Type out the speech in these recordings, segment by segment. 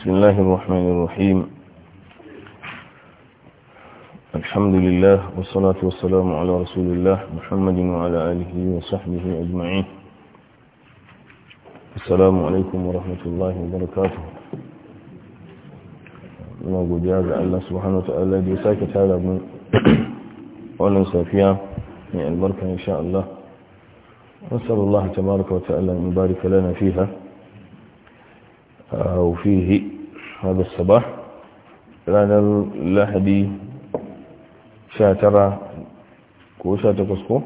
بسم الله الرحمن الرحيم الحمد لله والصلاة والسلام على رسول الله محمد وعلى آله وصحبه أجمعين السلام عليكم ورحمة الله وبركاته نقول يا الله سبحانه وتعالى الذي ساكت تعالى من ولن سافيا من البركة إن شاء الله نسأل الله تبارك وتعالى أن يبارك لنا فيها وفيه هذا الصباح رانا اللحدي شاترة كو شاتكس كو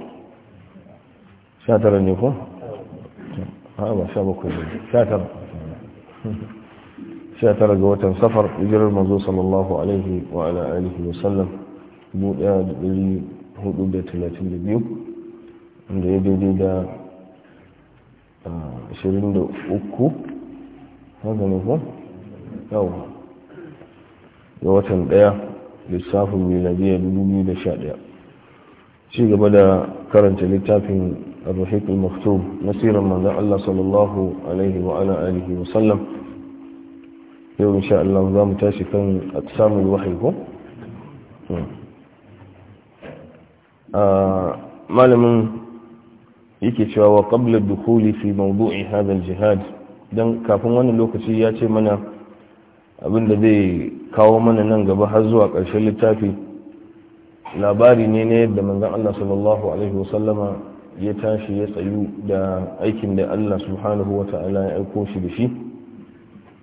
شاترة نيكو هذا شابكو شاترة شاترة جوة سفر يجر المنزول صلى الله عليه وعلى آله وسلم بوئاد بلي هدو بيتلاتين بيو عند يدي دا 23 haka ne ko yau ga watan daya lissafin miladiya 2011 ci gaba da karanta littafin الرحيق المختوم مسيرا من الله صلى الله عليه وعلى آله وسلم يوم إن شاء الله ذا متاسفا أقسام الوحي malamin yake cewa wa qabla dukhuli fi mawdu'i hadha al-jihad don kafin wannan lokaci ya ce mana abin da zai kawo mana nan gaba har zuwa ƙarshen littafi labari ne na yadda manzan Allah sallallahu alaihi wasallama ya tashi ya tsayu da aikin da Allah subhanahu wata'ala ya aiko shi da shi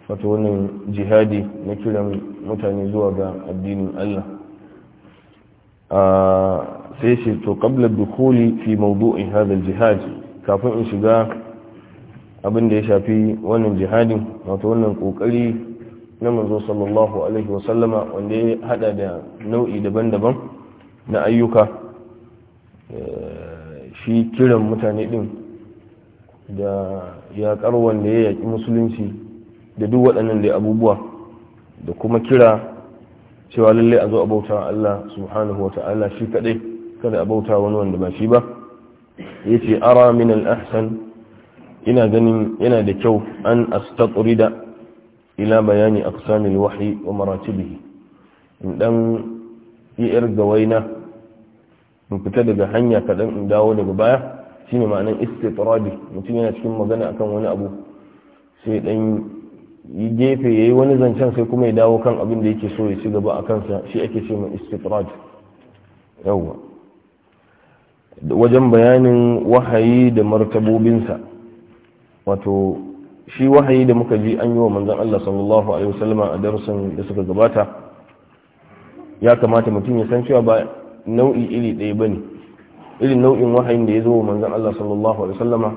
wato wannan jihadi na kiran mutane zuwa ga addinin Allah sai shi to kabla dukhuli fi mawdu'i hadha jihad kafin in shiga abin da ya shafi wannan jihadin wato wannan kokari na manzo sallallahu alaihi wasallama wanda ya hada da nau'i daban-daban na ayyuka eh, shi kiran mutane din da yaƙar wanda ya yaki musulunci da duk waɗannan da abubuwa da kuma kira cewa lallai a zo a bauta wa Allah subhanahu wa ta'ala shi kaɗai kada a bauta wani wanda ba shi ba ya ce ara min al-ahsan ina ganin yana da kyau an da ila bayani aqsamil wahyi wa maratibihi in dan yi yar gawaina in fita daga hanya kadan in dawo daga baya shine ma'anan istitradi mutum yana cikin magana akan wani abu sai dan yi gefe yayi wani zancen sai kuma ya dawo kan abin da yake so ya ci gaba a kansa shi ake ce mai yawa wajen bayanin wahayi da martabobinsa wato shi wahayi da muka ji an yi wa manzan Allah sallallahu alaihi wasallama a darasin da suka gabata ya kamata mutum ya san cewa ba nau'i iri ɗaya ne irin nau'in wahayin da ya zo wa manzan Allah sallallahu alaihi wasallama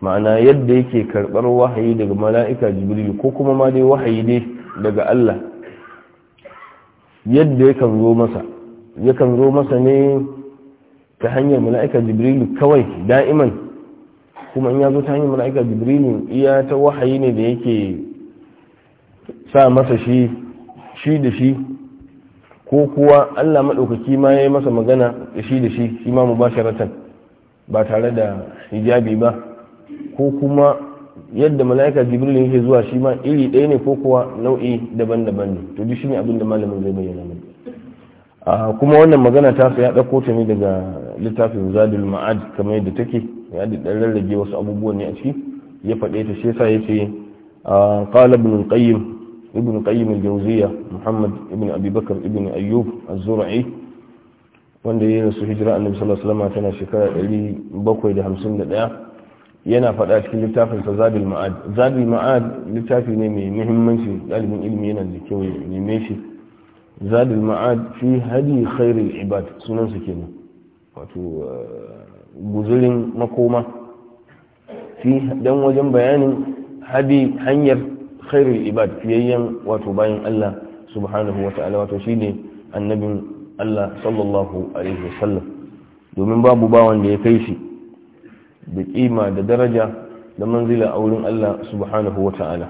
ma'ana yadda yake karɓar wahayi daga mala'ika jibril ko kuma ma dai wahayi dai daga Allah yadda ya zo yakan zo masa ne ta hanyar mala'ika jibril kawai da'iman kuma in ya zo ta hanyar mala'ika jibrilin iya ta wahayi ne da yake sa masa shi shi da shi ko kuwa allah maɗaukaki ma ya yi masa magana da shi da shi shi ma mubasharatan ba tare da hijabi ba ko kuma yadda mala'ika jibrilin yake zuwa shi ma iri ɗaya ne ko kuwa nau'i daban-daban ne to duk shi ne abin malamin zai bayyana mana ah, kuma wannan magana ta ya ɗauko ta ne daga littafin zadul ma'ad kamar yadda take ya da dan rarrage wasu abubuwan ne a ciki ya faɗe ta shi yasa yace ah, qala ibn qayyim ibn qayyim al muhammad ibn abi bakr ibn ayyub az-zur'i wanda ya rasu hijira annabi sallallahu alaihi wasallam tana shekara 751 yana faɗa cikin littafin sa zadul ma'ad zadul ma'ad littafi ne mai muhimmanci dalibin ilimi yana da kyau ya neme shi zadul ma'ad fi hadi khairul ibad sunan su kenan wato eh, guzurin makoma fi dan wajen bayanin hadi hanyar khairul ibad fiyayyen wato bayan Allah subhanahu wa ta'ala wato shine annabin Allah sallallahu alaihi sallam domin babu bawan da ya kai shi da kima da daraja da manzila a wurin Allah subhanahu wa ta'ala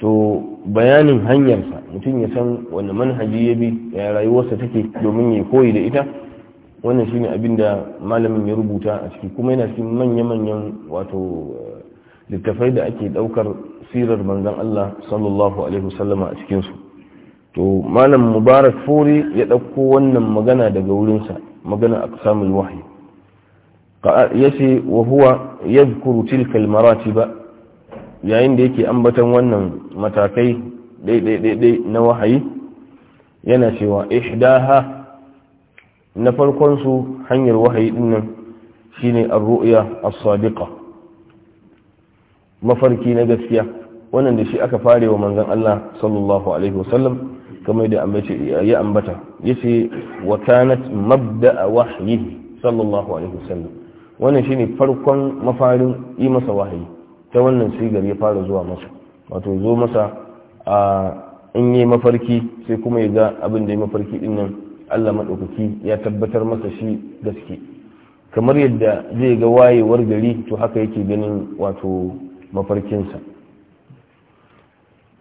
to bayanin hanyarsa mutum ya san wani manhaji ya bi ya rayuwarsa take domin ya koyi da ita wannan shine abin da malamin ya rubuta a ciki kuma yana cikin manya-manyan wato eh, littafai da ake daukar sirar manzon Allah sallallahu alaihi wasallama a cikin su to malam mubarak furi ya dauko wannan magana daga wurin sa magana aqsamul wahyi yace wa huwa yadhkuru tilka al maratiba yayin da yake ambatan wannan matakai dai-dai-dai na wahayi yana cewa ihdaha na farkon su hanyar wahayi dinnan shine ar-ru'ya as-sadiqa mafarki na gaskiya wannan da shi aka fare wa manzon Allah sallallahu alaihi wasallam kamar da ya ambata yace wa kanat mabda'a wahyihi sallallahu alaihi wasallam wannan shine farkon mafarin yi masa wahayi ta wannan sigar ya fara zuwa masa wato zo masa a in yi mafarki sai kuma ya ga abin da ya mafarki din nan Allah maɗaukaki ya tabbatar masa shi gaske kamar yadda zai ga wayewar gari to haka yake ganin wato mafarkinsa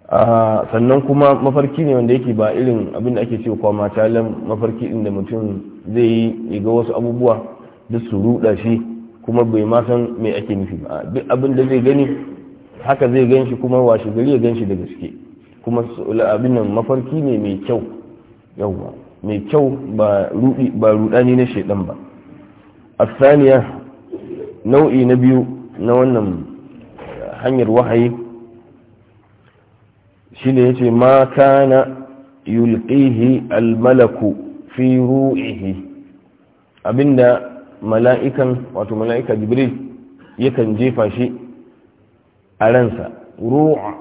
ah, sannan kuma mafarki ne wanda yake ba irin abin da ake cewa kwama talan mafarki inda mutum zai yi ga wasu abubuwa da su ruɗa shi kuma bai ma san me ake nufi ba duk abin da zai gani haka zai gan shi kuma washe gari ya gan shi da gaske kuma abin nan mafarki ne mai kyau yawwa mai kyau ba rudi ba rudani na shedan ba asaniya nau'i na biyu na wannan hanyar wahayi shine yace ma kana yulqihi almalaku fi ru'ihi abinda mala'ikan wato mala'ika jibril yakan jefa shi a ransa ru'a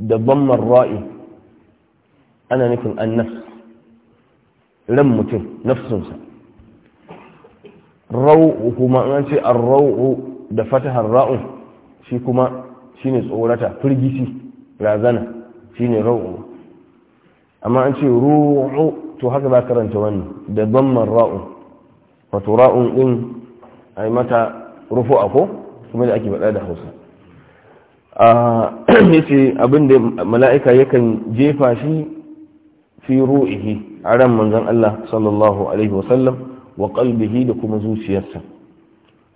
da ban ra'i ana nufin annas ran mutum nafsunsa rau'u kuma an ce an rauu da fatahar ra'un shi kuma shi ne tsorata firgici razana ne rau'u amma an ce ru'u to haka ba karanta wani da zamman ra'u wato ra'un din yi mata rufu ako kuma da ake faɗa da Hausa a ah, yace abinda mala'ika yakan jefa shi fi ru'ihi a ran manzon Allah sallallahu alaihi wasallam wa qalbihi da kuma zuciyarsa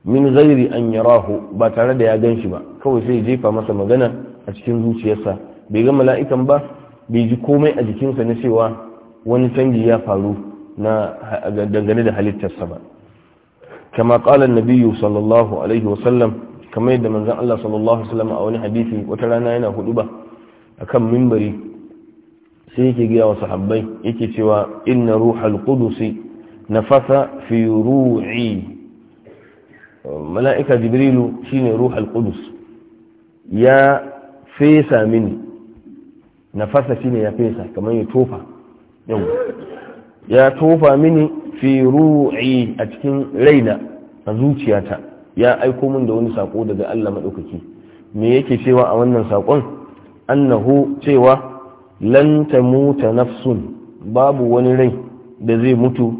min ghairi an yarahu ba tare da ya ganshi ba kawai sai jefa masa magana a cikin zuciyarsa bai ga mala'ikan ba bai ji komai a jikinsa na cewa wani canji ya faru na dangane da halittarsa ba kama qala nabiyyu sallallahu alaihi wasallam kamar yadda manzon Allah sallallahu alaihi wasallam a wani hadisi wata rana yana huɗu ba akan mimbari sai yake gaya wa sahabbai yake cewa inna ruhal qudusi nafasa fi ruhi mala'ika jibrilu shine ruhal qudus ya fesa mini nafasa shine ya fesa kamar ya tofa ya tofa mini fi ruhi a cikin raina a zuciyata ya aiko min da wani sako daga Allah madaukaki me yake cewa a wannan sakon annahu cewa lan muta nafsun babu wani rai da zai mutu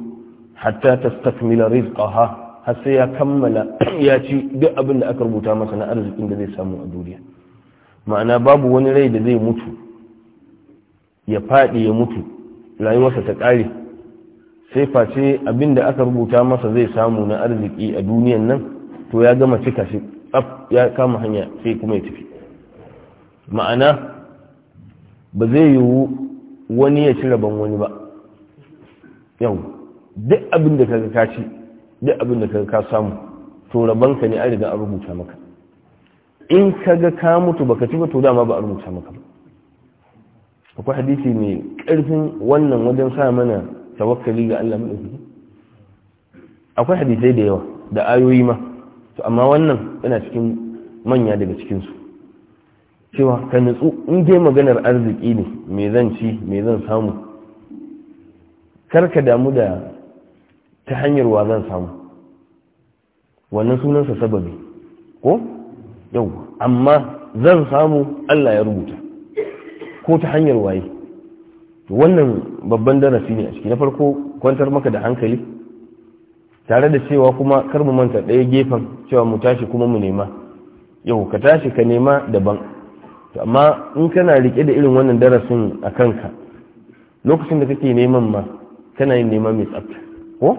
hatta ta stakmila rizqaha har sai ya kammala ya ci duk abin da aka rubuta masa na arzikin da zai samu a duniya ma'ana babu wani rai da zai mutu ya faɗi ya mutu rayuwarsa ta ƙare sai face abin da aka rubuta masa zai samu na arziki a duniyan nan to ya gama cika shi ya kama hanya sai kuma ya tafi ma'ana ba zai yiwu wani ya ci rabon wani ba yau duk abin da kaga ka ci duk abin da kaga ka samu to rabonka ne an riga an rubuta maka in kaga ka mutu baka ci ba to dama ba a rubuta maka ba akwai hadisi mai ƙarfin wannan wajen sa mana tawakkali ga Allah maɗaukaki akwai hadisai da yawa da ayoyi ma to amma wannan yana cikin manya daga cikinsu cewa ka nutsu in dai maganar arziki ne me zan ci me zan samu karka damu da ta hanyar wa zan samu wannan sunansa sababi ko yau amma zan samu Allah ya rubuta ko ta hanyar waye wannan babban darasi ne a ciki na farko kwantar maka da hankali tare da cewa kuma kar mu manta ɗaya gefen cewa mu tashi kuma mu nema yau ka tashi ka nema daban to amma in kana rike da irin wannan darasin a kanka lokacin da kake neman ma kana yin nema mai tsafta ko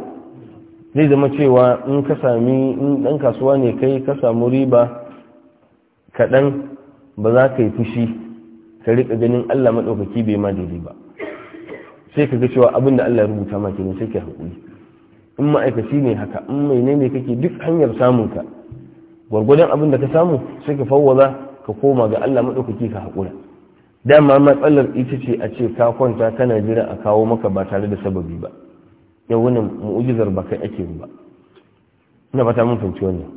zai zama cewa in ka sami in dan kasuwa ne kai ka samu riba kaɗan ba za ka yi fushi ka rika ganin Allah maɗaukaki bai ma daidai ba sai ka ga cewa abin da Allah ya rubuta ma kenan sai ka haƙuri in ma'aikaci ne haka in mai ne kake duk hanyar samun ka gwargwadon abin da ka samu sai ka fawwaza ka koma ga Allah maɗaukaki ka haƙura dama matsalar ita ce a ce ka kwanta kana jira a kawo maka ba tare da sababi ba yau wani mu'ujizar ba kai ake ba ina fata mun fahimci wannan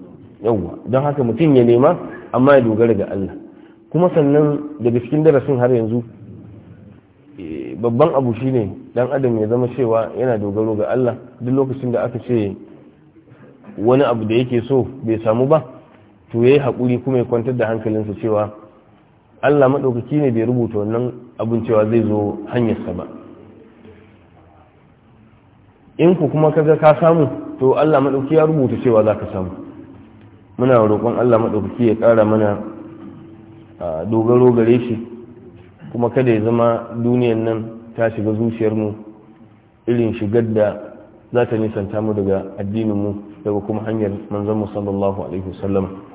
yawwa don haka mutum ya nema amma ya dogara ga Allah kuma sannan daga cikin darasin har yanzu e, babban abu shine dan adam ya zama cewa yana dogaro ga Allah duk lokacin da aka ce wani abu da yake so bai samu ba to yayi hakuri kuma ya kwantar da hankalinsa cewa Allah madaukaki ne bai rubuta wannan abin cewa zai zo hanyarsa ba in ku kuma kaga ka samu to Allah madaukaki ya rubuta cewa za ka samu muna roƙon Allah maɗaukaki ya ƙara mana dogaro gare shi kuma kada ya zama duniyar nan ta shiga zuciyar mu irin shigar da za ta nisanta mu daga addininmu daga kuma hanyar manzon mu sallallahu alaihi wasallam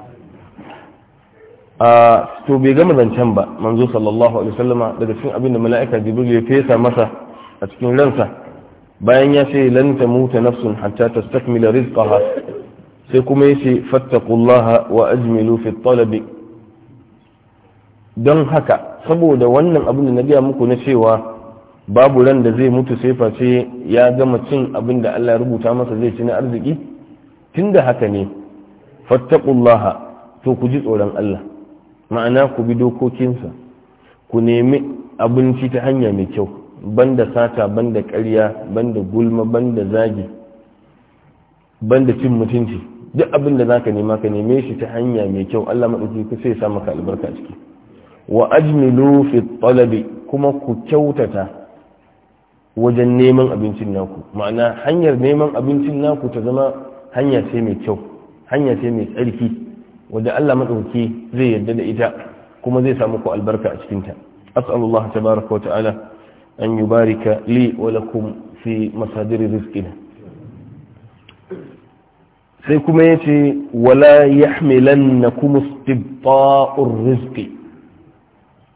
a to bai gama zancen ba manzo sallallahu alaihi wasallam daga cikin abin da mala'ika jibril ya fesa masa a cikin ransa bayan ya ce lan tamuta nafsun hatta tastakmila rizqaha sai kuma yace fattaqullaha wa ajmilu fi at-talab don haka saboda wannan abin da na gaya muku na cewa babu ran da zai mutu sai face ya gama cin abin da Allah ya rubuta masa zai ci na arziki tunda haka ne fattaqullaha to ku ji tsoron Allah ma'ana ku bi dokokinsa ku nemi abinci ta hanya mai kyau banda sata banda ƙarya banda gulma banda zagi banda cin mutunci duk abin da ka nema ka neme shi ta hanya mai kyau Allah maɗauki ku sai sa maka albarka ciki wa ajmilu fi talabi kuma ku kyautata wajen neman abincin naku ma'ana hanyar neman abincin naku ta zama hanya ce mai kyau hanya ce mai tsarki wadda Allah maɗauki zai yarda da ita kuma zai samu ku albarka a cikinta as'alullah tabaraka wa ta'ala an yubarika li wa lakum fi masadir rizqina sai kuma yace wala yahmilannakum istibta'ur rizqi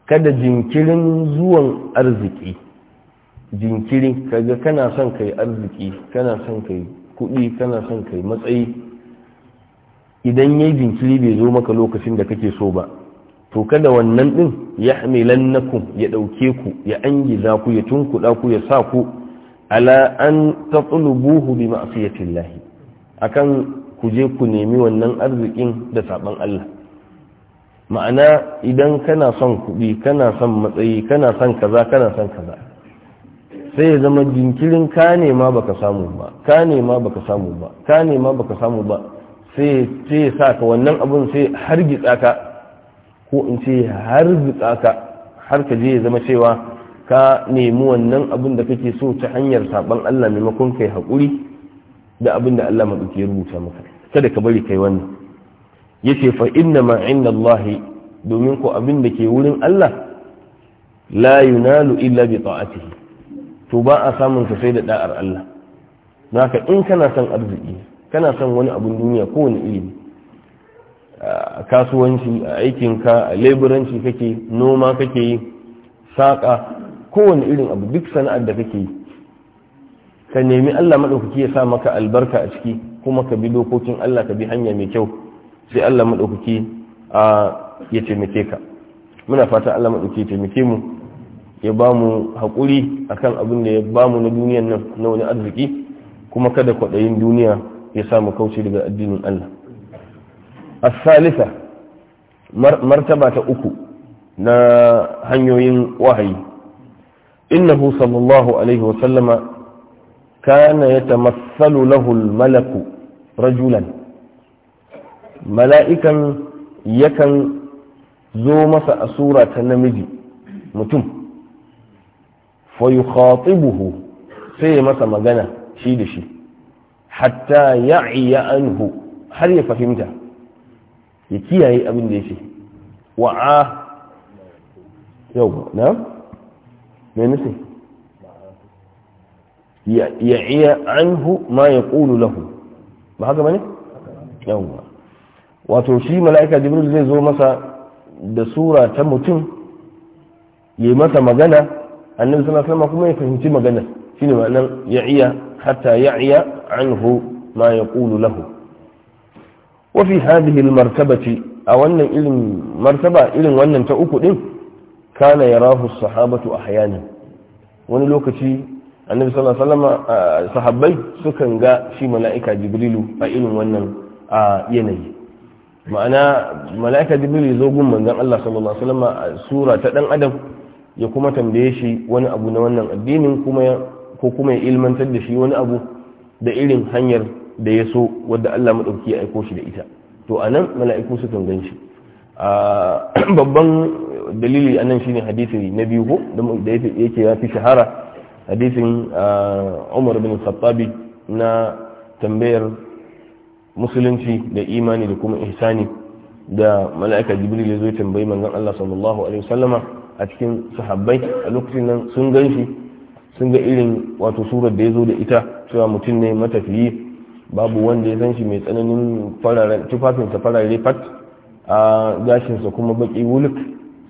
kada jinkirin zuwan arziki jinkiri kaga kana son kai arziki kana son kai kuɗi kana son kai matsayi idan yayi jinkiri bai zo maka lokacin da kake so ba to kada wannan din ya hamilannakum ya dauke ku ya angiza ku ya tunkuda ku ya sa ku ala an tatlubuhu bi ma'siyatillahi akan ku je ku nemi wannan arzikin da saban Allah ma'ana idan kana son kuɗi kana son matsayi kana son kaza kana son kaza sai ya zama jinkirin ka nema baka samu ba ka nema baka samu ba ka nema baka samu ba sai ce sa ka wannan abun sai har ka ko in ce har ka har ka je ya zama cewa ka nemi wannan abun da kake so ta hanyar saban Allah maimakon kai hakuri, da abin da Allah maɗauki ya rubuta maka kada ka bari kai wannan yace fa inna ma inda Allah domin ko abin da ke wurin Allah la yunalu illa bi ta'atihi to ba a samun sa sai da da'ar Allah naka in kana son arziki kana son wani abun duniya ko wani ilimi a kasuwanci a aikinka a leburanci kake noma kake yi saƙa kowane irin abu duk sana'ar da kake yi ka nemi allah maɗaukaki ya sa maka albarka a ciki kuma ka bi dokokin allah ka bi hanya mai kyau sai allah maɗaukaki ya taimake ka muna fata allah maɗaukaki ya taimake mu ya ba mu haƙuri akan abin da ya ba mu na duniyan nan na wani arziki kuma kada kwaɗayin duniya ya samu kauci daga addinin Allah asalisa salisa martaba ta uku na hanyoyin wahayi innahu sallallahu alaihi wa sallama kana yatamassalu lahu malaku rajulan mala'ikan yakan zo masa a sura ta namiji mutum fa yukhatibuhu sai ya masa magana shi da shi hatta ya'iya anhu har ya fahimta ya kiyaye abin da ya wa'a yau na mai nufi iya anhu ma ya ƙulu lahu ba haka ba ne yau wato shi mala'ika jibril zai zo masa da sura ta mutum ya masa magana annabi sallallahu alaihi wasallam kuma ya fahimci magana shine ma'anar iya hatta iya عنه ما يقول له وفي هذه المرتبة أو أن إلم مرتبة إلم وأن أنت أكد كان يراه الصحابة أحيانا ونلوكتي النبي صلى الله عليه وسلم ma'ana mala'ika jibril zo gun manzon Allah sallallahu alaihi wasallam a sura ta dan adam ya kuma tambaye shi wani abu na wannan addinin ko kuma ya ilmantar da shi wani abu da irin hanyar da ya so wadda Allah maɗauki ya aiko shi da ita to a nan mala'iku kan gan shi babban dalili a nan shine hadisi na biyu ko da yake ya fi shahara hadisin umar bin khattabi na tambayar musulunci da imani da kuma ihsani da mala'ika jibril ya zo tambayi manzon Allah sallallahu alaihi wasallama a cikin sahabbai a lokacin nan sun gan shi sun ga irin wato surar da ya zo da ita cewa mutum ne matafiyi babu wanda ya san shi mai tsananin tufafinsa farare fat a gashinsa kuma baki wuluk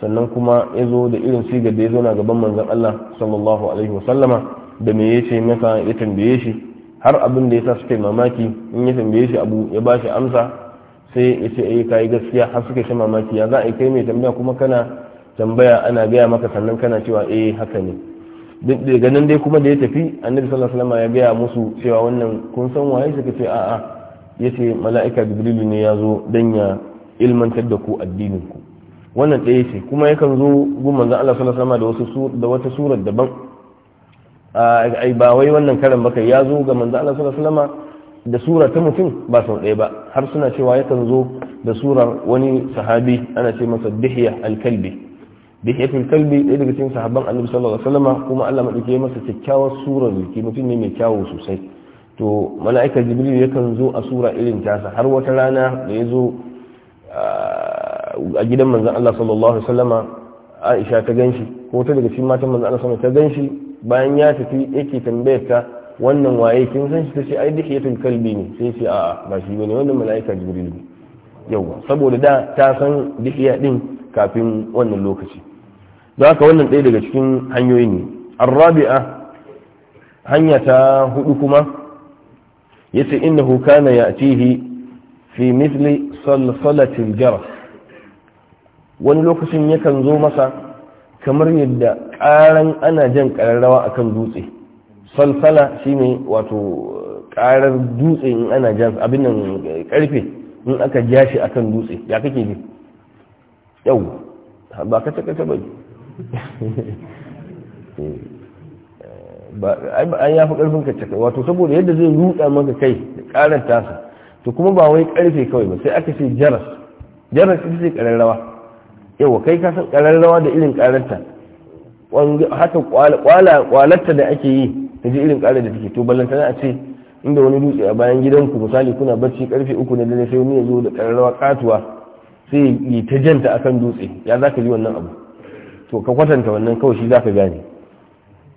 sannan kuma ya zo da irin sigar da ya zo na gaban manzan Allah sallallahu alaihi wasallama da me yace masa ya tambaye shi har abin da ya sa suka yi mamaki in ya tambaye shi abu ya ba shi amsa sai ya ce eh yi gaskiya har suka shi mamaki ya za a yi kai mai tambaya kuma kana tambaya ana gaya maka sannan kana cewa eh haka ne daga nan dai kuma da ya tafi annabi sallallahu alaihi wasallam ya gaya musu cewa wannan kun san waye suka ce a'a yace mala'ika jibrilu ne ya zo dan ya ilmantar da ku addinin ku wannan ɗaya ce kuma yakan zo gun manzon Allah sallallahu alaihi wasallam da wasu da wata surar daban ai ba wai wannan karan baka ya zo ga manzon Allah sallallahu alaihi wasallam da sura ta mutum ba sau ɗaya ba har suna cewa yakan zo da surar wani sahabi ana ce masa al alkalbi da ke fil kalbi ɗaya daga cikin sahabban annabi sallallahu alaihi wasallam kuma Allah madauke masa kyakkyawar surar jiki mutum ne mai kyawu sosai to mala'ika jibril yakan zo a sura irin tasa har wata rana da ya zo a gidan manzon Allah sallallahu alaihi wasallama Aisha ta ganshi ko ta daga cikin matan manzon Allah sallallahu ta ganshi bayan ya tafi yake tambayar ta wannan waye kin san shi tace ai dihiyatul kalbi ne sai ce a ba shi bane wannan mala'ika jibril ne yawa saboda da ta san dihiya din kafin wannan lokaci don haka wannan ɗaya daga cikin hanyoyi ne arrabi'a hanya ta hudu kuma ya ce yace innahu kana hi, fi misli salatin jara wani lokacin yakan zo masa kamar yadda karan ana jan kararrawa kan dutse salsala ne wato karar eh, dutse in ana jan abin nan karfe eh, in aka ja shi kan dutse ya kake ne yau ba ka taka ba Eh, eh, an ya fi karfin ka cika wato saboda yadda zai rutsa maka kai da karar tasa to kuma ba wai karfe kawai ba sai aka ce jaras jaras ita ce rawa yawa kai ka san rawa da irin kararta haka kwalatta da ake yi ta ji irin karar da take to na a ce inda wani dutse a bayan gidanku misali kuna bacci karfe uku na dare sai wani ya zo da rawa katuwa sai yi ta janta akan dutse ya za ka ji wannan abu to ka kwatanta wannan kawai shi ka gane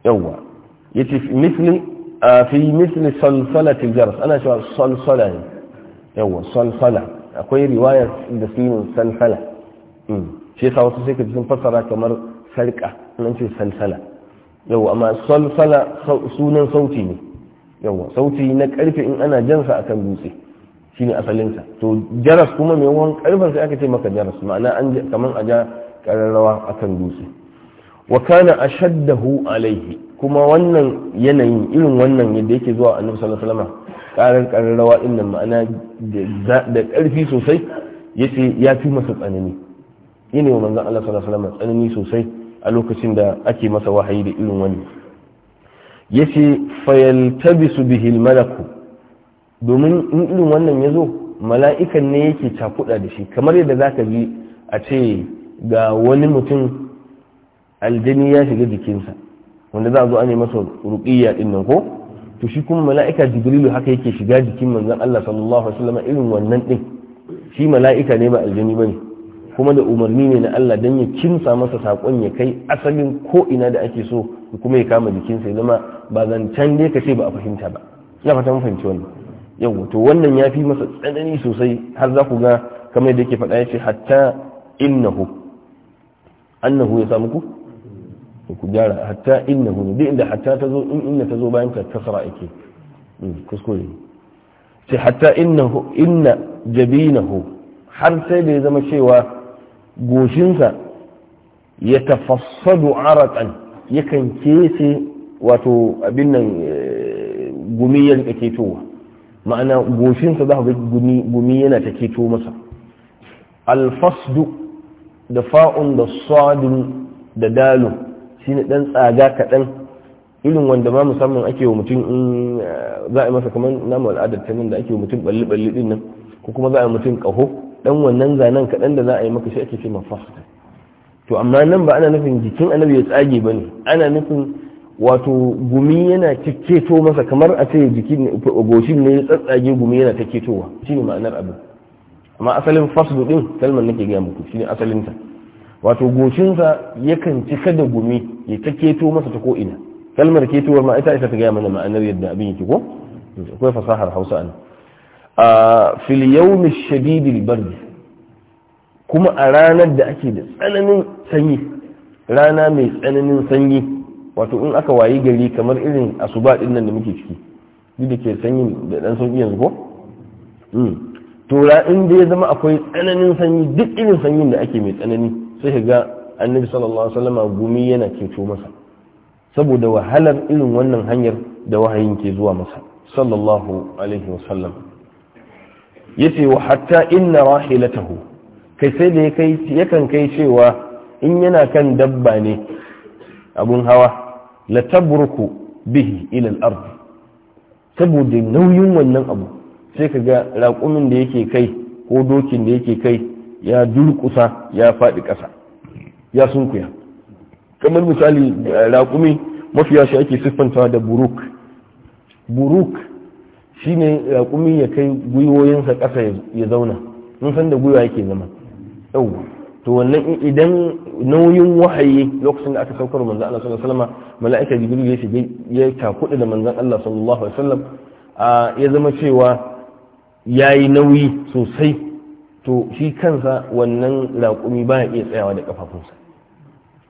yawwa yace mislin fi misli salsalatil jaras ana cewa salsala ne yawwa salsala akwai riwaya da sinin salsala hmm. shi yasa wasu sai ka sun fassara kamar sarka nan ce salsala yawwa amma salsala sunan sauti ne yawwa sauti na karfe in ana jansa akan dutse shine asalinsa to jaras kuma mai wani karfansa sai aka ce maka jaras ma'ana an kaman a ja ƙararrawa akan dutse wa kana shaddahu alaihi kuma wannan yanayin irin wannan yadda yake zuwa annabi sallallahu alaihi wasallam ƙarar ƙararrawa din ma'ana da karfi sosai yace ya fi masa tsanani yana wa manzon Allah sallallahu alaihi wasallam tsanani sosai a lokacin da ake masa wahayi da irin wani yace fayaltabisu bihi almalaku domin in irin wannan ya zo mala'ikan ne yake cakuɗa da shi kamar yadda zaka ji a ce ga wani mutum aljini ya shiga jikinsa wanda za a zo ne masa ruƙiyya din nan ko to shi kuma mala'ika jibrilu haka yake shiga jikin manzon Allah sallallahu alaihi wasallam irin wannan din shi mala'ika ne ba aljini bane kuma da umarni ne na Allah dan ya kinsa masa sakon ya kai asalin ko ina da ake so kuma ya kama jikinsa ya zama ba zancen dai ka ce ba a fahimta ba ina fata mun fahimci wannan yau to wannan ya fi masa tsanani sosai har za ku ga kamar yadda yake faɗa ya ce hatta innahu annahu ya samu ku ku gyara hatta innahu ne duk inda hatta ta zo in inna ta zo bayan ka kasara ake hmm, kuskure sai hatta innahu inna jabinahu har sai da ya zama cewa goshinsa ya tafassadu araqan yakan kese wato abin nan eh, gumi ya rika ketowa ma'ana goshinsa za ga gumi yana ta keto masa alfasdu da fa'un da sadun da dalun shine dan tsaga kaɗan irin wanda ma musamman ake wa mutum in eh, za a yi masa kamar namu al'adar ta nan da ake wa mutum balli balli din nan ko kuma za a yi mutum ƙaho ɗan wannan zanen kaɗan da za a yi maka shi ake ce mafasta to amma nan ba ana nufin jikin annabi ya tsage ba ne ana nufin wato gumi yana ta masa kamar a ce jikin goshin ne ya tsatsage gumi yana ta ketowa shi ne ma'anar abin amma asalin fasdu din kalmar nake gaya muku shine asalin ta wato goshinsa yakan cika da gumi ya ta keto masa ta ko ina kalmar ketowar ma ita ita ta gaya mana ma'anar yadda abin yake ko akwai fasahar Hausa an a fil yawm ash-shadid kuma a ranar da ake da tsananin sanyi rana mai tsananin sanyi wato in aka wayi gari kamar irin asuba din nan da muke ciki duk da ke sanyin da dan sauki yanzu ko hmm. tura in da ya zama akwai tsananin sanyi duk irin sanyin da ake mai tsanani sai ga annabi sallallahu alaihi wasallam gumi yana ceto masa saboda wahalar irin wannan hanyar da wahayin ke zuwa masa sallallahu alaihi wasallam yace wa hatta inna rahilatahu kai sai da kai yakan kai cewa in yana kan dabba ne abun hawa la tabruku bihi ila al-ard saboda nauyin wannan abu sai ka ga raƙumin da yake kai ko dokin da yake kai ya durƙusa ya faɗi ƙasa ya sunkuya kamar misali raƙumi mafiya shi ake siffantawa da buruk buruk shine raƙumi ya kai gwiwoyinsa ƙasa ya zauna mun san da gwiwa yake zama yau to wannan idan nauyin wahayi lokacin da aka saukar manzan Allah sallallahu alaihi wasallam mala'ika jibril ya shige ya takuda da manzan Allah sallallahu alaihi wasallam ya zama cewa ya yi nauyi sosai to shi kansa wannan raƙumi ba ya iya tsayawa da ƙafafunsa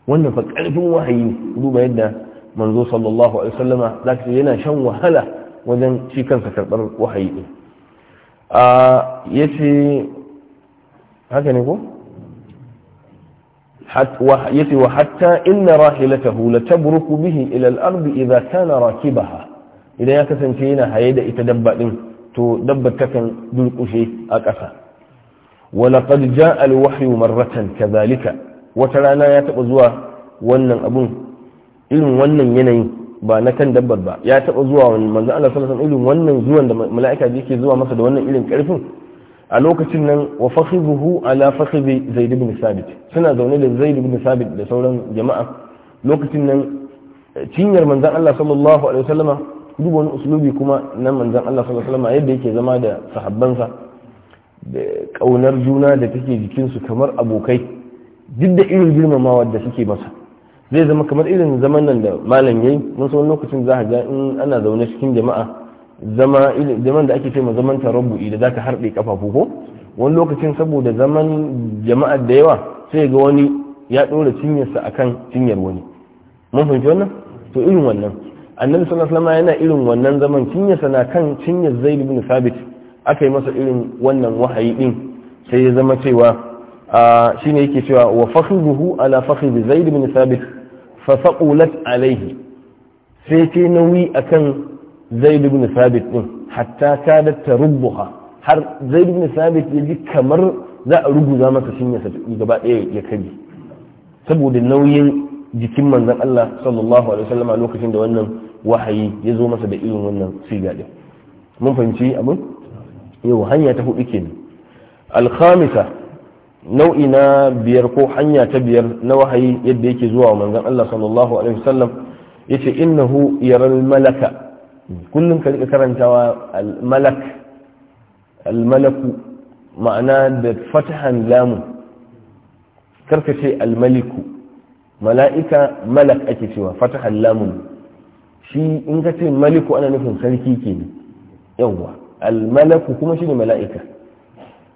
wannan fa ƙarfin wahayi duba yadda manzo sallallahu alaihi wasallama za ka yana shan wahala wajen shi kansa karɓar wahayi ɗin ya ce haka ne ko ya ce wa hatta inna rahilatahu la tabruku bihi ila al-ardi idza kana rakibaha idan ya kasance yana haye da ita dabba din to dabbar takan durƙushe a ƙasa walaƙad ja wahyu marratan kazalika wata rana ya taɓa zuwa wannan abun irin wannan yanayin ba na kan dabbar ba ya taɓa zuwa wani manzo Allah sallallahu alaihi irin wannan zuwan da mala'ika yake zuwa masa da wannan irin karfin? a lokacin nan wa fakhidhuhu ala fakhidhi zaid ibn sabit suna zaune da zaid ibn sabit da sauran jama'a lokacin nan cinyar manzon Allah sallallahu alaihi wasallama duk wani usulubi kuma na manzan Allah sallallahu alaihi yadda yake zama da sahabbansa da kaunar juna da take jikin su kamar abokai duk da irin girmamawa da suke masa zai zama kamar irin zaman nan da malam yayi mun san lokacin za ga in ana zaune cikin jama'a zama zaman da ake cewa zaman tarabbu'i da zaka harbe kafafu ko wani lokacin saboda zaman jama'a da yawa sai ga wani ya dora cinyarsa akan cinyar wani mun fahimci wannan to irin wannan annabi sallallahu alaihi yana irin wannan zaman cinyarsa na kan cinyar zaid ibn sabit aka yi masa irin wannan wahayi din sai ya zama cewa shine yake cewa wa fakhiduhu ala fakhid zaid ibn sabit fa saqulat alaihi sai ce nauyi akan zaid ibn sabit din hatta kadat tarubbuha har zaid ibn sabit ya ji kamar za a ruguza masa cinyarsa gaba ɗaya ya kabi saboda nauyin jikin manzon Allah sallallahu alaihi wasallam lokacin da wannan wahayi ya zo masa da irin wannan siga din mun fahimci abin yau hanya ta hudu kenan alkhamisa nau'i na biyar ko hanya ta biyar na wahayi yadda yake zuwa manzon Allah sallallahu alaihi wasallam yace innahu yaral malaka kullum ka rika karantawa al-malak al-malaku ma'ana da fatahan lamun karka ce al-maliku mala'ika malak ake cewa fatahan lamun shi in ka ce maliku ana nufin sarki ke ne yawwa almalaku kuma shi ne mala'ika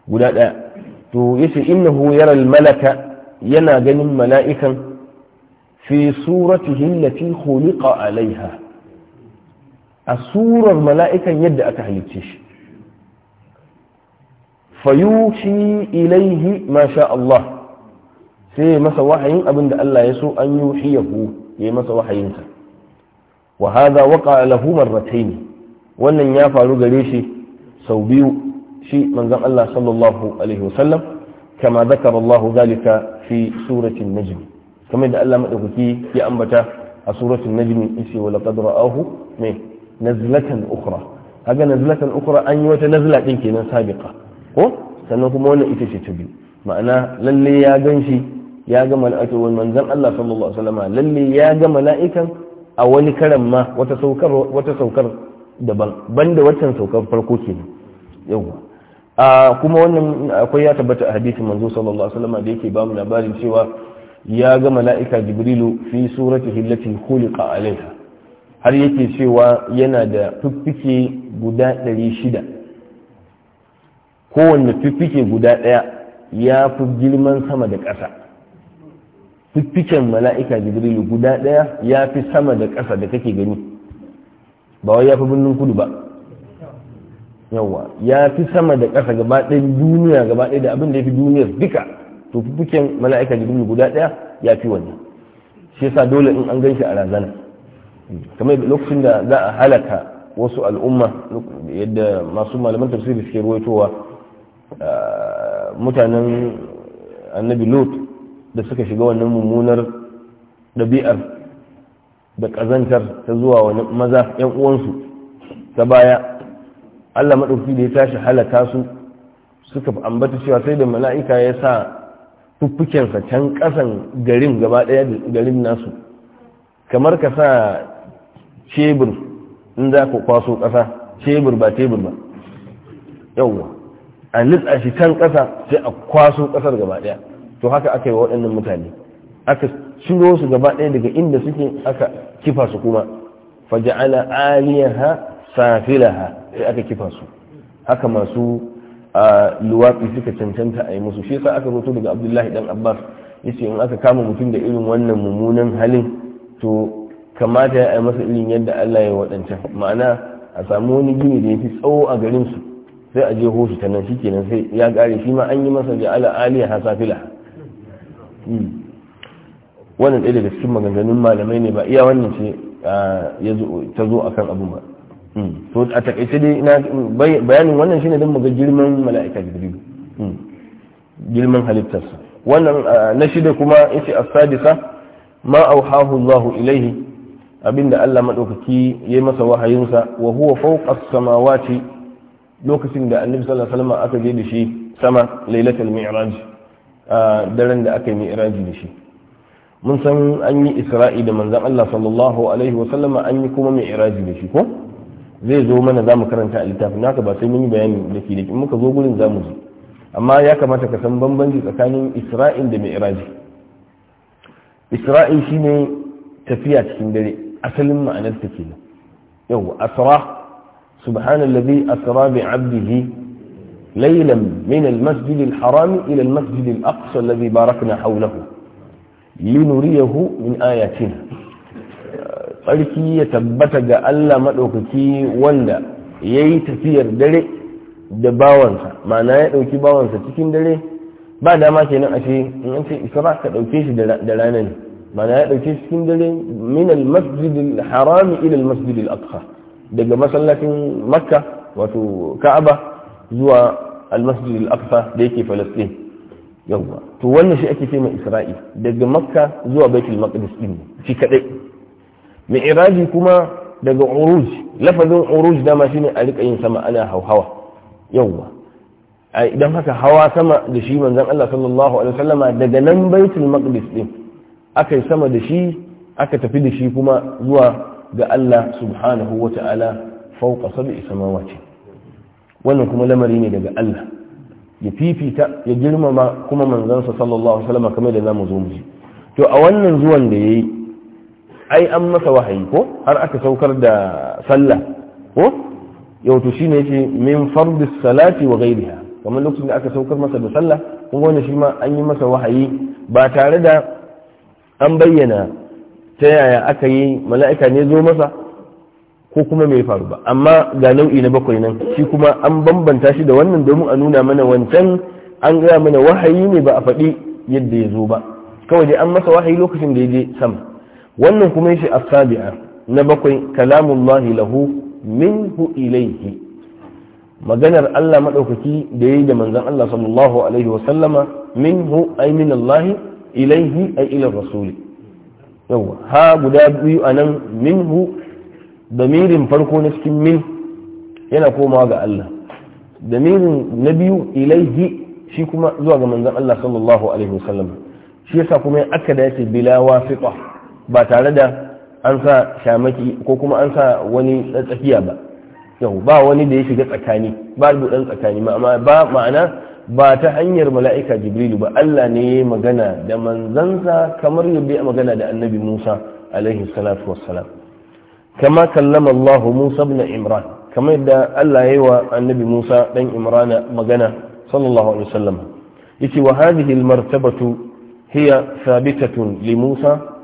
guda ɗaya to ina innahu yara almalaka yana ganin mala'ikan fi suratihi allati khuliqa alaiha a surar mala'ikan yadda aka halicce shi fayushi ilaihi masha Allah sai masa wahayin abin da Allah ya so an yuhiyahu ya masa wahayinsa wa hadha waqa lahu marratayn wannan ya faru gare shi sau biyu shi manzon Allah sallallahu alaihi wasallam kama zakara Allah zalika fi suratin najm kamar da Allah madaukaki ya ambata a suratul najm yace wa laqad ra'ahu ne nazlatan ukhra haga nazlatan ukhra an yi wata nazla din kenan sabiqa ko sannan kuma wannan ita ce ta biyu ma'ana lalle ya ganshi ya ga mala'ika wa manzon Allah sallallahu alaihi wasallam lalle ya ga mala'ikan a wani karan ma wata saukar wata saukar daban banda saukar farko kenan yawa a kuma wannan akwai ya tabbata a hadisin manzo sallallahu alaihi wasallam da yake bamu labarin cewa ya ga mala'ika jibrilu fi suratihi allati khuliqa alaiha har yake cewa yana da fiffike guda 600 kowanne fiffike guda ɗaya ya fi girman sama da ƙasa fiffiken mala'ika jibrilu guda ɗaya ya fi sama da ƙasa da kake gani ba wai ya fi birnin kudu ba yawa ya fi sama da ƙasa gaba ɗaya duniya gaba ɗaya da abin da ya fi duniyar duka to fiffiken mala'ika jibrilu guda ɗaya ya fi wani shi yasa dole in an ganshi a razana kamar lokacin da za a halaka wasu al'umma yadda masu malaman tafsiri suke ruwaitowa ah, mutanen annabi lot da suka shiga wannan mummunar ɗabi'ar da ƙazantar ta zuwa wani maza 'yan uwansu ta baya allah maɗauki da ya tashi halata su suka ambata cewa sai da mala'ika ya sa fuffukensa can ƙasan garin gaba ɗaya garin nasu kamar ka sa cebur in za ku kwaso ƙasa cebur ba tebur ba yawwa a litsa shi can ƙasa sai a kwaso ƙasar gaba ɗaya to haka aka yi wa waɗannan mutane aka ciro su gaba ɗaya daga inda suke aka kifa su kuma faja'ala aliyaha safilaha sai aka kifa su haka masu luwafi suka cancanta a yi musu shi sa aka roto daga abdullahi dan abbas yace in aka kama mutum da irin wannan mummunan halin to kamata ya yi masa irin yadda allah ya waɗancan ma'ana a samu wani gini da ya fi tsawo a garin su sai a je hoshi ta nan shi kenan sai ya gare shi ma an yi masa ja'ala aliyaha safilaha wannan ɗaya daga cikin maganganun malamai ne ba iya wannan ce ta zo a kan abu ba to hmm. a takaice dai bayanin wannan shine don maga girman mala'ika jibrilu hmm. girman halittarsa wannan na shida kuma in ce asadisa ma auhahu Allah ilaihi abinda Allah madaukaki yi masa wahayinsa wa huwa fawqa as-samawati lokacin da annabi sallallahu alaihi wasallam aka je da shi sama lailatul mi'raj a daren da aka yi mi'raji da shi mun san an yi isra'i da manzan Allah sallallahu alaihi wasallama an yi kuma mi'raji da shi ko zai zo mana za mu karanta a littafin haka ba sai mun yi bayani da ke da in muka zo gurin za mu zo amma ya kamata ka san bambanci tsakanin isra'in da mi'raji isra'il shine tafiya cikin dare asalin ma'anar ta kenan yau asra subhanallazi asra bi abdihi ليلا من المسجد الحرام إلى المسجد الأقصى الذي باركنا حوله لنريه من آياتنا قلتي يتبتج ألا مدوكتي ولا ييتفير دلي دباوانسا معنى يأوكي باوانسا تكين دلي بعد ما كنا أشي أنت إسراع كتوكيش دلانني معنى يأوكي تكين دلي من المسجد الحرام إلى المسجد الأقصى دقى مثلا لكن مكة وتو كعبة zuwa almasjid al-aqsa da yake falastin yawwa to wannan shi ake ce mai isra'il daga makka zuwa baitul maqdis din shi kadai mi'raji kuma daga uruj lafazin uruj dama shine a rika yin sama ana hauhawa yawwa idan haka hawa sama da shi manzon Allah sallallahu alaihi wasallama daga nan baitul maqdis din akai sama da shi aka tafi da shi kuma zuwa ga Allah subhanahu wa ta'ala fauka sabi samawati wannan kuma lamari ne daga Allah ya fifita ya girmama kuma manzansa sallallahu alaihi wasallam kamar da zamu zo mu ji to a wannan zuwan da yayi ai an masa wahayi ko har aka saukar da sallah ko yau to shine yake min fardis salati wa ghayriha kamar lokacin da aka saukar masa da sallah kun wannan shi ma an yi masa wahayi ba tare da an bayyana ta yaya aka yi mala'ika ne zo masa ko kuma mai faru ba amma ga nau'i na bakwai nan shi kuma an bambanta shi da wannan domin a nuna mana wancan an gaya mana wahayi ne ba a faɗi yadda ya zo ba kawai dai an masa wahayi lokacin da ya je sama wannan kuma shi asabi'a na bakwai lahi lahu hu ilaihi maganar Allah maɗaukaki da yayi da manzon Allah sallallahu alaihi wa sallama minhu ay min Allah ilaihi ay ila rasuli yawa ha guda biyu anan minhu damirin farko na cikin min yana komawa ga Allah damirin na biyu ilaihi shi kuma zuwa ga manzan Allah sallallahu alaihi wasallam shi yasa kuma aka yake bila wasiqa ba tare da an sa shamaki ko kuma an sa wani tsakiya ba yau ba wani da ya shiga tsakani ba dan tsakani amma ba ma'ana ba ta hanyar mala'ika jibrilu ba Allah ne ya magana da manzansa kamar yadda ya magana da annabi Musa alaihi salatu wassalam kama kallama Allah Musa ibn Imran kamar yadda Allah ya yi wa annabi Musa ɗan Imran magana sallallahu alaihi wasallam yace wa hadhihi al-martabatu hiya thabitatun li Musa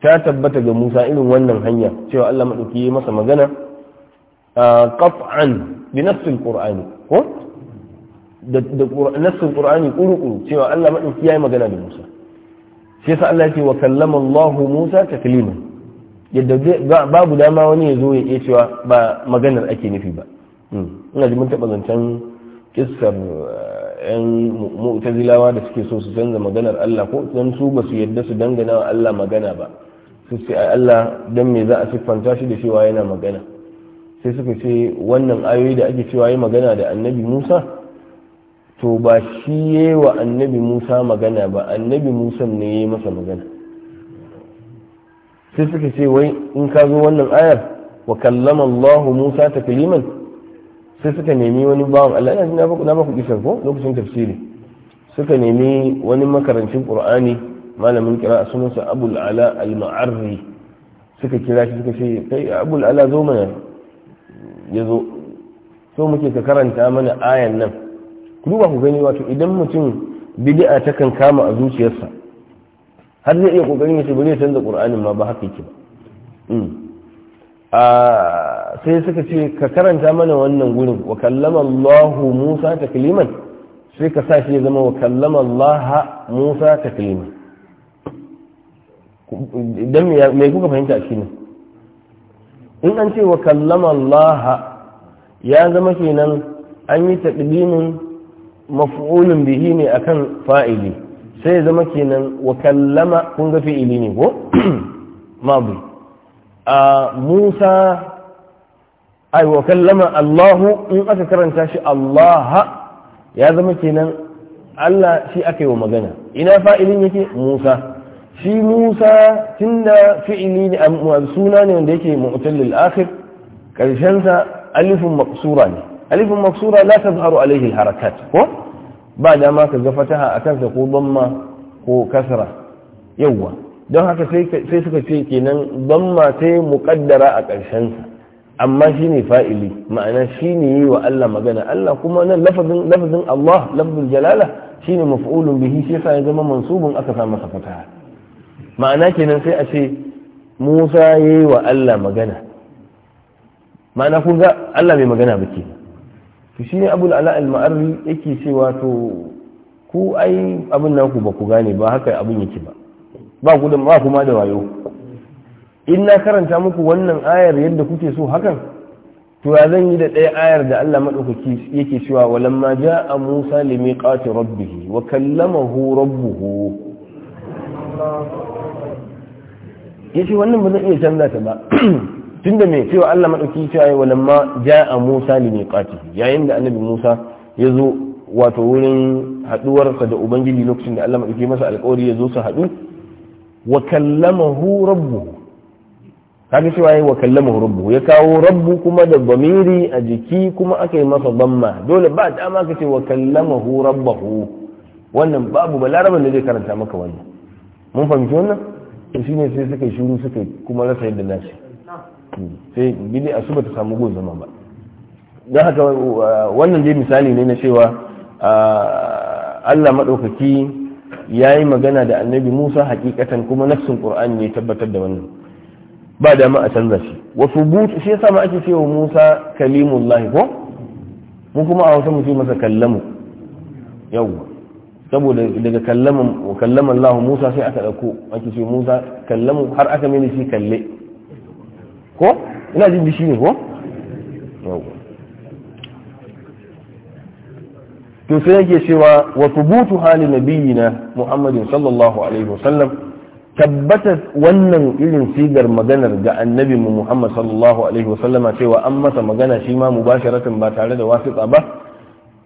ta tabbata ga Musa irin wannan hanya cewa Allah madauki ya masa magana qat'an bi nafsi al-Qur'ani ko da nafsi al-Qur'ani kuru cewa magana da Musa shi yasa Allah ya ce wa Musa takliman yadda babu dama wani ya zo ya iya cewa ba maganar ake nufi ba hmm. ina ji mun taɓa zancen kisar eh, yan mu'tazilawa da suke so su canza maganar Allah ko dan su ba su yadda su dangana wa Allah magana ba su ce ai Allah dan me za a siffanta shi da cewa yana magana sai suka ce wannan ayoyi da ake cewa yi magana da annabi Musa to ba shi yi wa annabi Musa magana ba annabi Musa ne ya yi masa magana sai suka ce wai in ka zo wannan ayar wa kallama Allahu Musa takliman sai suka nemi wani bawan Allah ina na baku na baku kisan ko lokacin tafsiri suka nemi wani makarancin Qur'ani malamin kira sunansa Abul Ala Al-Ma'arri suka kira shi suka ce kai Abul Ala zo mana ya zo so muke ka karanta mana ayan nan ku duba ku gani wato idan mutum bid'a kan kama a zuciyarsa har zai iya kokarin yace bari ya canza qur'anin ma ba haka yake ba hmm. sai suka ce ka karanta mana wannan gurin wa kallama Allahu Musa takliman sai ka sa shi ya zama wa kallama Allah Musa takliman dan me kuka fahimta shi ne in an ce wa kallama Allah ya zama kenan an yi taqdimin maf'ulun bihi ne akan fa'ili sai zama kenan wa kallama kun ga fi'ili ne ko mabi a Musa ai wa kallama Allahu in aka karanta shi Allah ya zama kenan Allah shi aka yi wa magana ina fa'ilin yake Musa shi Musa tunda fi'ili ne suna ne wanda yake mu'tallil akhir karshen sa alifun ne alifin maksura la tazharu alaihi harakat ko ba dama ka ga fataha a kansa ko bamma ko kasra yawwa don haka sai suka ce kenan bamma sai muƙaddara a ƙarshensa amma shi ne fa'ili ma'ana shi ne yi wa Allah magana Allah kuma nan lafazin Allah lafazin jalala shi ne maf'ulun bihi shi ya zama mansubin aka sa masa fataha ma'ana kenan sai a ce Musa ya yi wa Allah magana ma'ana kun ga Allah mai magana ba kenan to shi ne abu ala al-ma'arri yake ce wato ku ai abin naku ba ku gane ba haka abin yake ba ba ku da ba kuma da wayo in na karanta muku wannan ayar yadda kuke so hakan to ya zan yi da ɗaya ayar da Allah madaukaki yake cewa walamma a Musa limiqati rabbih wa kallamahu rabbuhu yace wannan ba zan iya canza ta ba tunda mai cewa Allah madauki cewa ya walamma ja'a Musa li miqati yayin da annabi Musa ya zo wato wurin haduwarsa da ubangiji lokacin da Allah madauki masa alƙawari ya zo su haɗu wa kallamahu rabbuhu kaga cewa yayi wa kallamahu rabbuhu ya kawo rabbu kuma da bamiri a jiki kuma aka yi masa bamma dole ba dama ka ce wa kallamahu rabbahu wannan babu balaraban da zai karanta maka wannan mun fahimci wannan shine sai suka yi shiru suka kuma rasa yadda shi. sai eh, a su bata samu gun zama ba don haka uh, wannan dai misali ne na cewa uh, Allah maɗaukaki ya yi magana da annabi Musa hakikatan kuma nafsin Qur'ani ne tabbatar da wannan ba dama a canza shi wasu butu shi yasa ma ake cewa Musa kalimullahi ko mu kuma a wasu mutum masa kallamu yawwa saboda daga kallaman kallaman Allah Musa sai aka dauko ake ce Musa kallamu har aka mene shi kalle ko ina jin ne ko to sai yake cewa wa tubutu halin nabiyina muhammadin sallallahu alaihi wasallam tabbatar wannan irin sigar maganar ga annabi mu muhammad sallallahu alaihi wasallama cewa an masa magana shi ma mubasharatan ba tare da wasiƙa ba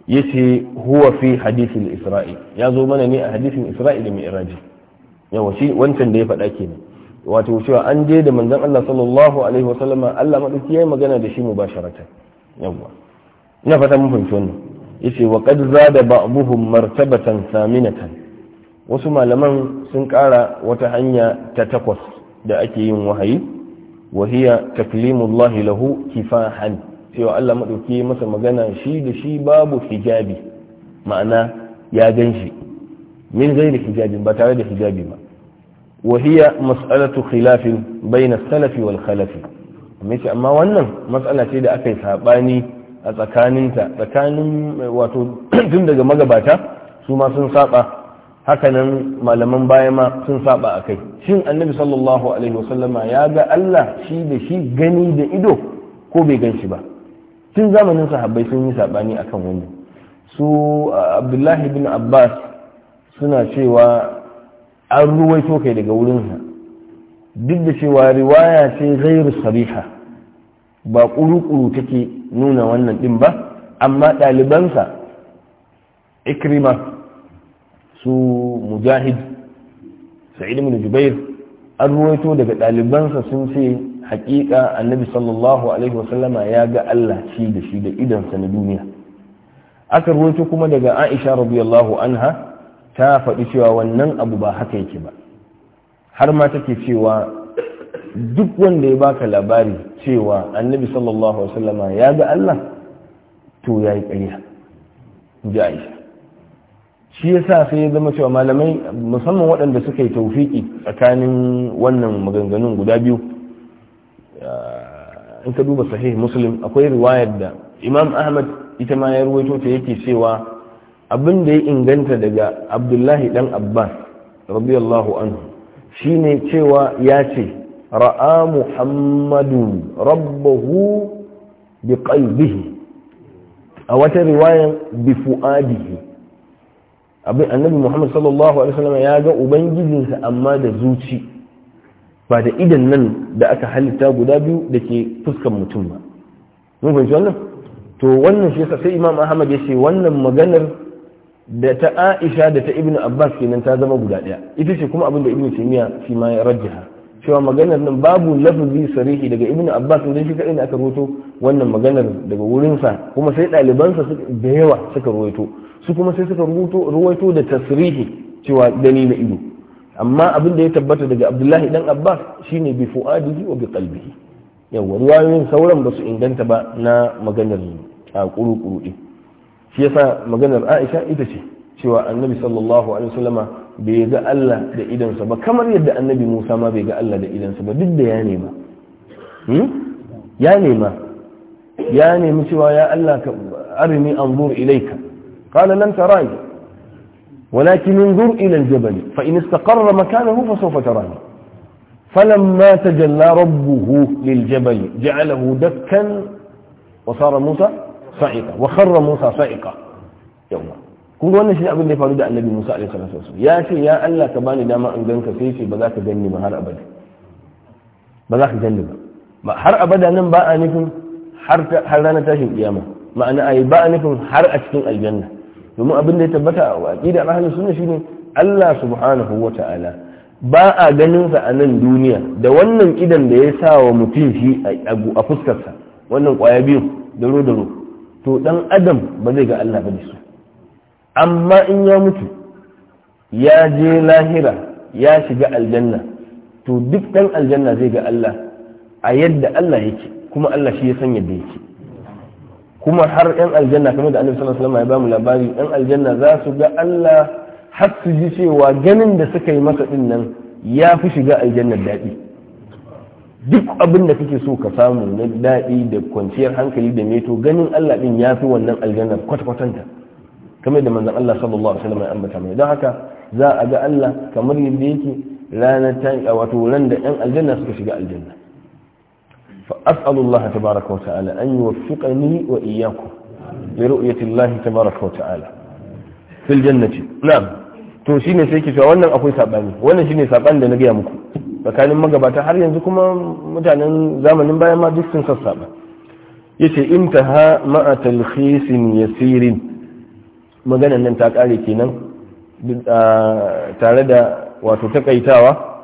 yace huwa fi hadisin isra'i ya zo mana ne a hadisin isra'i da mi'raji yawa shi wancan da ya faɗa kenan wato cewa an je da manzon Allah sallallahu alaihi wasallam Allah madauki yayi magana da shi mubasharatan yawa ina fata mun fahimci wannan yace wa qad zada ba'dhum martabatan saminatan wasu malaman sun kara wata hanya ta takwas da ake yin wahayi wahiya taklimullahi lahu kifahan cewa Allah madauki masa magana shi da shi babu hijabi ma'ana ya ganshi min da hijabi ba tare da hijabi ba وهي مسألة خلاف بين السلف والخلف mace amma wannan matsala ce da aka sabani saɓani a tsakaninta tsakanin wato tun daga magabata su ma sun saba hakanan malaman baya ma sun saba a kai shin annabi sallallahu alaihi wasallama ya ga Allah shi da shi gani da ido ko bai gan shi ba tun zamanin sahabbai sun yi saɓani akan wannan su abdullahi bin abbas suna cewa an ruwaito kai daga wurinsa duk da cewa riwaya ce gairu sabiha ba ƙuruƙuru take nuna wannan ɗin ba amma ɗalibansa ikrima su mujahid sa'id ibn jubair an ruwaito daga ɗalibansa sun ce haƙiƙa annabi sallallahu alaihi wasallama ya ga Allah ci da shi da idansa na duniya aka ruwaito kuma daga aisha radiyallahu anha ta faɗi cewa wannan abu ba haka yake ba har ma take cewa duk wanda ya baka labari cewa annabi sallallahu alaihi wasallama ya ga Allah to ya yi ƙarya ji aisha shi yasa sai ya zama cewa malamai musamman waɗanda suka yi taufiki tsakanin wannan maganganun guda biyu ah, in ka duba sahih muslim akwai riwayar da imam ahmad ita ma ya ruwaito ta yake cewa abin da ya inganta daga abdullahi dan abbas radiyallahu anhu shine cewa ya ce ra'a muhammadu rabbahu bi qalbihi a wata riwayan bi fuadihi abin annabi muhammad sallallahu alaihi wasallam ya ga ubangijinsa amma da zuci ba da idan nan da aka halitta guda biyu da ke fuskan mutum ba mun fahimci wannan to wannan shi yasa sai imam ahmad ya ce wannan maganar da ta aisha da ta ibn abbas kenan ta zama guda daya ita ce kuma abin da ibn taymiya shi ma ya rajjaha cewa maganar nan babu lafazi sarihi daga ibn abbas dan shi kadai ne aka roto wannan maganar daga wurin sa kuma sai ɗalibansa da yawa suka ruwaito su kuma sai suka ruwaito da tasrihi cewa gani na ido amma abin da ya tabbata daga abdullahi dan abbas shine bi fu'adihi wa bi qalbihi yawa ruwayoyin sauran ba su inganta ba na maganar a kuru-kuru din shi yasa maganar aisha ita ce cewa annabi sallallahu alaihi wasallama bai ga Allah da idansa ba kamar yadda annabi Musa ma bai ga Allah da idansa ba duk da ya nema ya nema ya nemi cewa ya Allah ka arini anzur ilayka qala lan tarani ولكن انظر إلى الجبل فإن استقر مكانه فسوف تراني فلما تجلى ربه للجبل جعله دكا وصار موسى sa'iqa wa kharra Musa sa'iqa yawa kun ga wannan shi abin da ya faru da Annabi Musa alaihi salatu wasallam ya ce ya Allah ka bani dama in ganka sai ce ba za ka ganni ba har abada ba za ka ganni ba har abada nan ba a nufin har ranar tashin kiyama ma'ana ai ba a nufin har a cikin aljanna domin abin da ya tabbata a aqida ahlus sunna shine Allah subhanahu wa ta'ala ba a ganin sa a nan duniya da wannan idan da ya sa wa mutum shi a fuskarsa wannan kwaya biyu da ro da ro to dan adam ba zai ga Allah ba su amma in ya mutu ya je lahira ya shiga aljanna to duk dan aljanna zai ga Allah a yadda Allah yake kuma Allah shi ya san yadda yake kuma har yan aljanna kamar da Annabi sallallahu alaihi wasallam ya ba mu labari yan aljanna za su ga Allah har su ji cewa ganin da suka yi masa din nan ya fi shiga aljannar daɗi duk abin da kake so ka samu na daɗi da kwanciyar hankali da meto ganin Allah ɗin ya fi wannan aljannar kwata-kwatanta kamar da manzon Allah sallallahu alaihi wasallam ya ambata mai don haka za a ga Allah kamar yadda yake ranar ta wato ran da ɗan aljanna suka shiga aljanna fa as'alullah tabaraka wa ta'ala an yuwaffiqani wa iyyakum li ru'yati Allah tabaraka wa ta'ala fil jannati na'am to shine sai ke cewa wannan akwai sabani wannan shine saban da na ga muku tsakanin magabata har yanzu kuma mutanen zamanin bayan ma duk sun sassaba yace intaha ma'a talhisin yasirin maganan nan ta kare kenan tare da wato takaitawa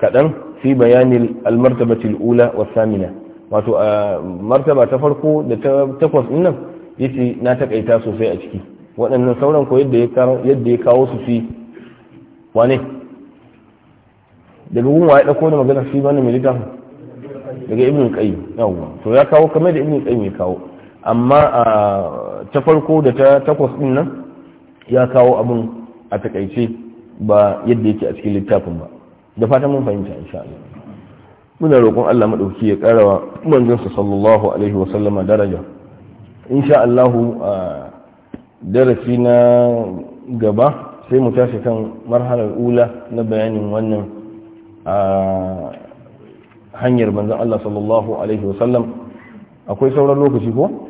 kaɗan fi bayanin almartabatil ula wa samina wato a martaba ta farko da ta takwas nan yace na takaita sosai a ciki waɗannan sauran ko yadda ya kawo su fi wane daga gun waye dauko da magana shi bane mai littafin daga ibn qayyim yawa to ya kawo kamar da ibn qayyim ya kawo amma a ta farko da ta takwas din nan ya kawo abun a takaice ba yadda yake a cikin littafin ba da fatan mun fahimta insha Allah muna roƙon Allah madauki ya karawa manzon sa sallallahu alaihi wa sallama daraja insha Allah darasi na gaba sai mu tashi kan marhalar ula na bayanin wannan a hanyar manzan Allah sallallahu alaihi wasallam akwai sauran lokaci ko?